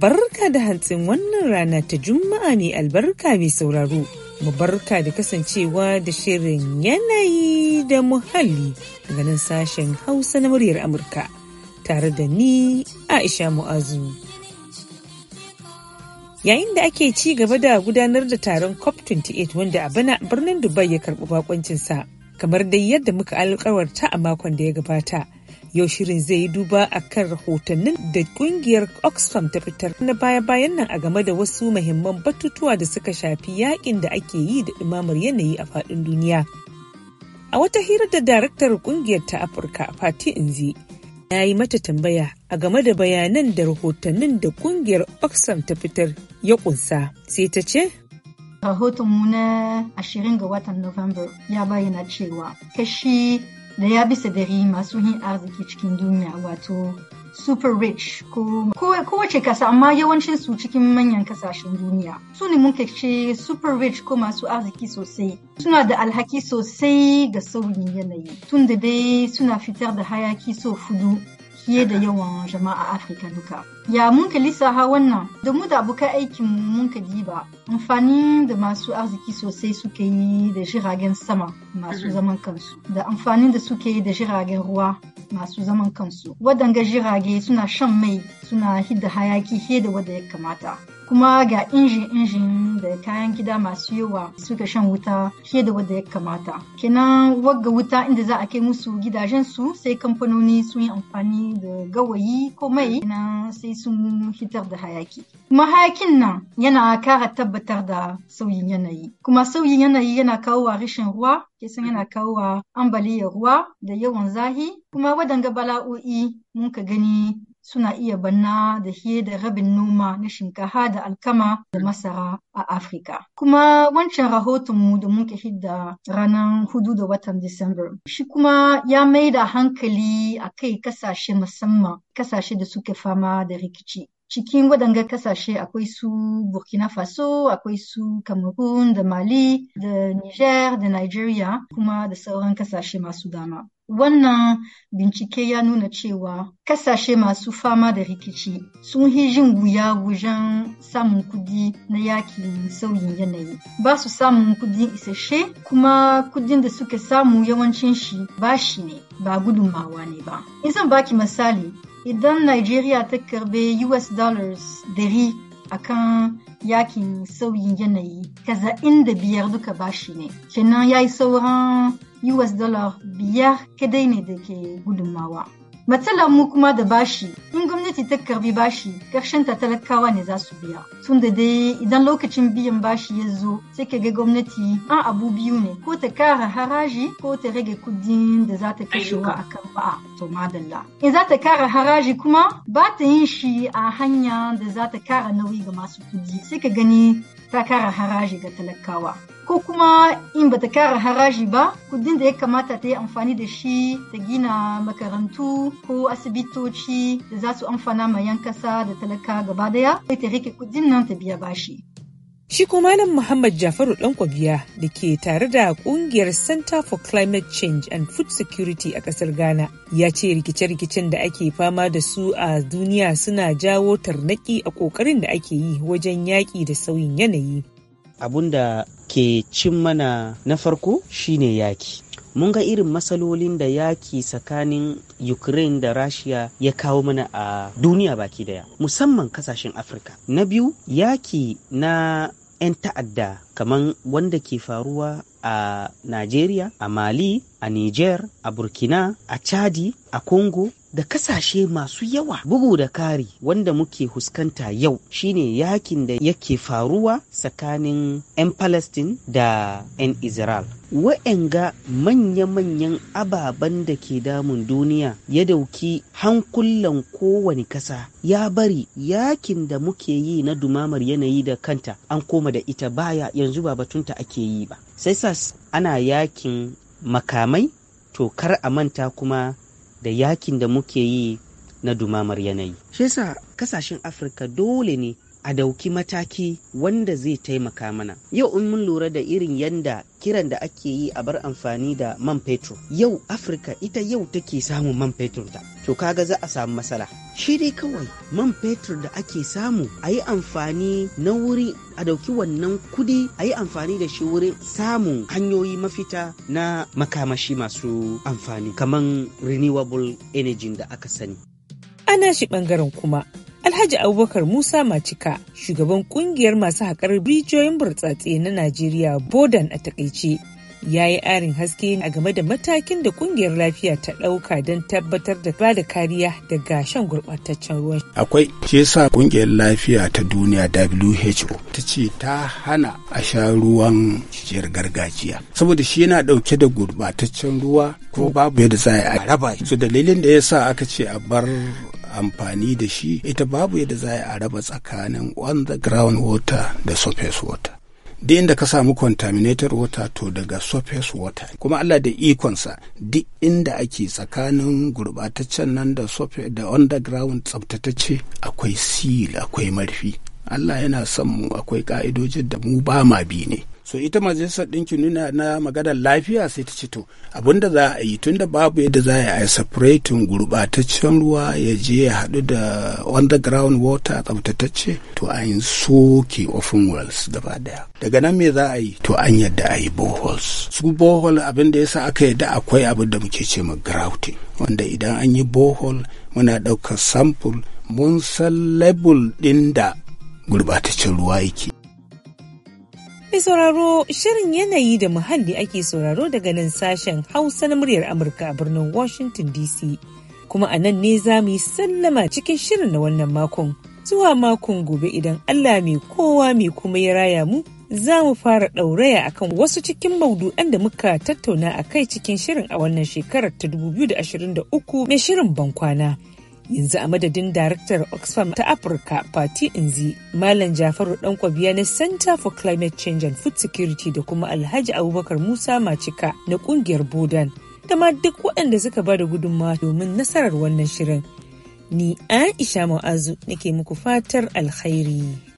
Barka da hantsin wannan rana ta Juma'a mai albarka mai sauraro. Mu barka da kasancewa da shirin yanayi da muhalli daga nan sashen Hausa na muryar Amurka tare da ni Aisha Mu'azu. Yayin da ake ci gaba da gudanar da taron COP28 wanda a bana birnin Dubai ya karɓi bakoncinsa kamar dai yadda muka alkawarta a makon da ya gabata. Yau shirin zai yi duba a kan rahotannin da kungiyar Oxfam ta fitar na baya-bayan nan a game da wasu mahimman batutuwa da suka shafi yakin da ake yi da imamar yanayi a faɗin duniya. A wata hira da daraktar kungiyar ta Afirka Fati Inzi na yi mata tambaya a game da bayanan da rahotannin da kungiyar Oxfam ta fitar ya kunsa sai ta ce rahotonmu na 20 ga watan Nuwamba ya bayyana cewa kashi da ya bisa dari masu yin arziki cikin duniya wato super rich ko kowace kasa amma yawancin su cikin manyan kasashen duniya su ne mun ce super rich ko masu arziki sosai suna da alhaki sosai ga sauyin yanayi tun da dai suna fitar da hayaki so fudu fiye da yawan jama'a Afirka duka. Ya mun ka ha wannan da mu da abokan aikin mun ka diba amfanin da masu arziki sosai suke yi da jiragen sama masu mm-hmm. zaman kansu da amfanin da suke yi da jiragen ruwa masu zaman kansu. Waɗanga jirage suna shan mai suna hidda hayaki fiye da wanda ya kamata. kuma ga injin-injin da kayan gida masu yawa suka shan wuta fiye da wadda ya kamata kenan wagga wuta inda za a kai musu gidajen su sai kamfanoni sun yi amfani da gawayi ko mai na sai sun fitar da hayaki kuma hayakin nan yana kara tabbatar da sauyin yanayi kuma sauyin yanayi yana kawo a rashin ruwa kisan yana kawo a ambaliyar ruwa da yawan zahi kuma wadanga bala'o'i mun ka gani suna iya banna da fiye da rabin noma na shinkafa da da alkama da masara a Afirka. Kuma wancan rahotonmu da muka hidda ranar hudu da watan Disamba. Shi kuma ya mai da hankali a kai kasashe musamman kasashe da suke fama da rikici. cikin waɗanga kasashe akwai su burkina faso akwai su cameroon da mali da niger da nigeria kuma da sauran kasashe masu dama wannan bincike ya nuna cewa kasashe masu fama da rikici sun yi jin wuya wajen samun kudi na yakin sauyin yanayi ba su samun kudin isasshe kuma kudin da suka samu yawancin shi bashi ne ba gudunmawa ne ba in zan baki misali idan Najeriya ta karbe US dollars dari akan yakin sauyin yanayi kaza da biyar duka bashi ne kenan ya yi sauran US dollar biyar kadai ne da ke gudunmawa. Matsalar mu kuma da bashi, in gwamnati ta karbi bashi, karshen ta talakawa ne za su biya. Tun da dai idan lokacin biyan bashi ya zo, sai ka ga gwamnati an abu biyu ne, ko ta kara haraji ko ta rage kudin da za ta kashewa a kan ba'a. To madalla. In za ta kara haraji kuma ba ta yin shi a hanya da za ta kara nauyi ga masu kudi, sai ka gani ta kara haraji ga talakawa. ko kuma in bata kara haraji ba kudin da ya kamata ta yi amfani da shi ta gina makarantu ko asibitoci da za su amfana ma yan kasa da talaka gaba daya sai ta rike kudin nan ta biya bashi. Shi kuma nan Muhammad Jafaru Dankwabiya da ke tare da kungiyar Center for Climate Change and Food Security a kasar Ghana ya ce rikice-rikicen da ake fama da su a duniya suna jawo tarnaki a ƙoƙarin da ake yi wajen yaƙi da sauyin yanayi. abun da ke cin mana na farko shine yaki mun ga irin matsalolin da yaki tsakanin ukraine da rashiya ya kawo mana a duniya baki daya musamman kasashen afirka na biyu yaki na 'yan ta'adda kamar wanda ke faruwa a nigeria a Mali, a Niger, a Burkina, a Chadi, a Congo, da kasashe masu yawa bugu da kari wanda muke huskanta yau shine yakin da yake faruwa tsakanin 'yan palestine da 'yan israel wa'yanga manya-manyan ababen da ke damun duniya ya dauki hankulan kowane kasa ya bari yakin da muke yi na dumamar yanayi da kanta an koma da ita baya yanzu ba batunta ake yi ba sai sas ana yakin makamai to kar a manta kuma da yakin da muke yi na dumamar yanayi. Shi kasashen Afirka dole ne a dauki mataki wanda zai taimaka mana yau in mun lura da irin yanda kiran da ake yi a bar amfani da man fetur yau afirka ita yau take samun man fetur ta to kaga za a samu matsala shi dai kawai man fetur da ake samu a yi amfani na wuri a dauki wannan kudi a yi amfani da shi wurin samun hanyoyi mafita na makamashi masu amfani kamar renewable energy da aka sani ana shi bangaren kuma Alhaji Abubakar Musa Macika, shugaban kungiyar masu haƙar rijiyoyin burtsatse na Najeriya Bodan a takaice, ya yi arin haske a game da matakin da kungiyar lafiya ta ɗauka don tabbatar da ba da kariya daga shan gurɓataccen ruwan. Akwai shi sa kungiyar lafiya ta duniya WHO ta ce ta hana a sha ruwan shiyar gargajiya saboda shi yana ɗauke da gurɓataccen ruwa ko babu yadda za a raba su dalilin da ya sa aka ce a bar amfani da shi ita babu yadda za a raba tsakanin on the ground water da surface water duk inda ka samu contaminated water to daga surface water kuma Allah da ikonsa duk inda ake tsakanin gurbataccen nan da da underground tsabtatacce akwai seal akwai marfi Allah yana son mu akwai ka'idojin da mu ba ma bi ne so ita majalisar ɗinkin nuna na maganar lafiya sai ta ce to abinda za a yi tunda babu yadda za a yi a separating gurbataccen ruwa ya je ya haɗu da underground water tsabtatacce to a yi soke ofin wells gaba daya daga nan me za a yi to an yadda a yi boreholes su borehole abin da yasa aka yadda akwai abin da muke ce ma grouting wanda idan an yi borehole muna ɗaukar sample mun san label ɗin da gurbataccen ruwa yake Mai sauraro shirin yanayi da muhalli ake sauraro daga nan sashen Hausa na muryar Amurka a birnin Washington DC. Kuma a nan ne za mu yi sallama cikin shirin na wannan makon. Zuwa makon gobe idan Allah mai kowa mai kuma ya raya mu za mu fara ɗauraya akan wasu cikin maudu'an da muka tattauna a kai cikin shirin a wannan shekarar ta 2023 mai shirin bankwana. yanzu a madadin daraktar oxfam ta afirka fati inzi malam jafaru kwabiya na center for climate change and food security da kuma alhaji abubakar musa macika na kungiyar bodan da ma duk waɗanda suka ba da gudunmawa domin nasarar wannan shirin ni aisha mu'azu nake muku fatar alkhairi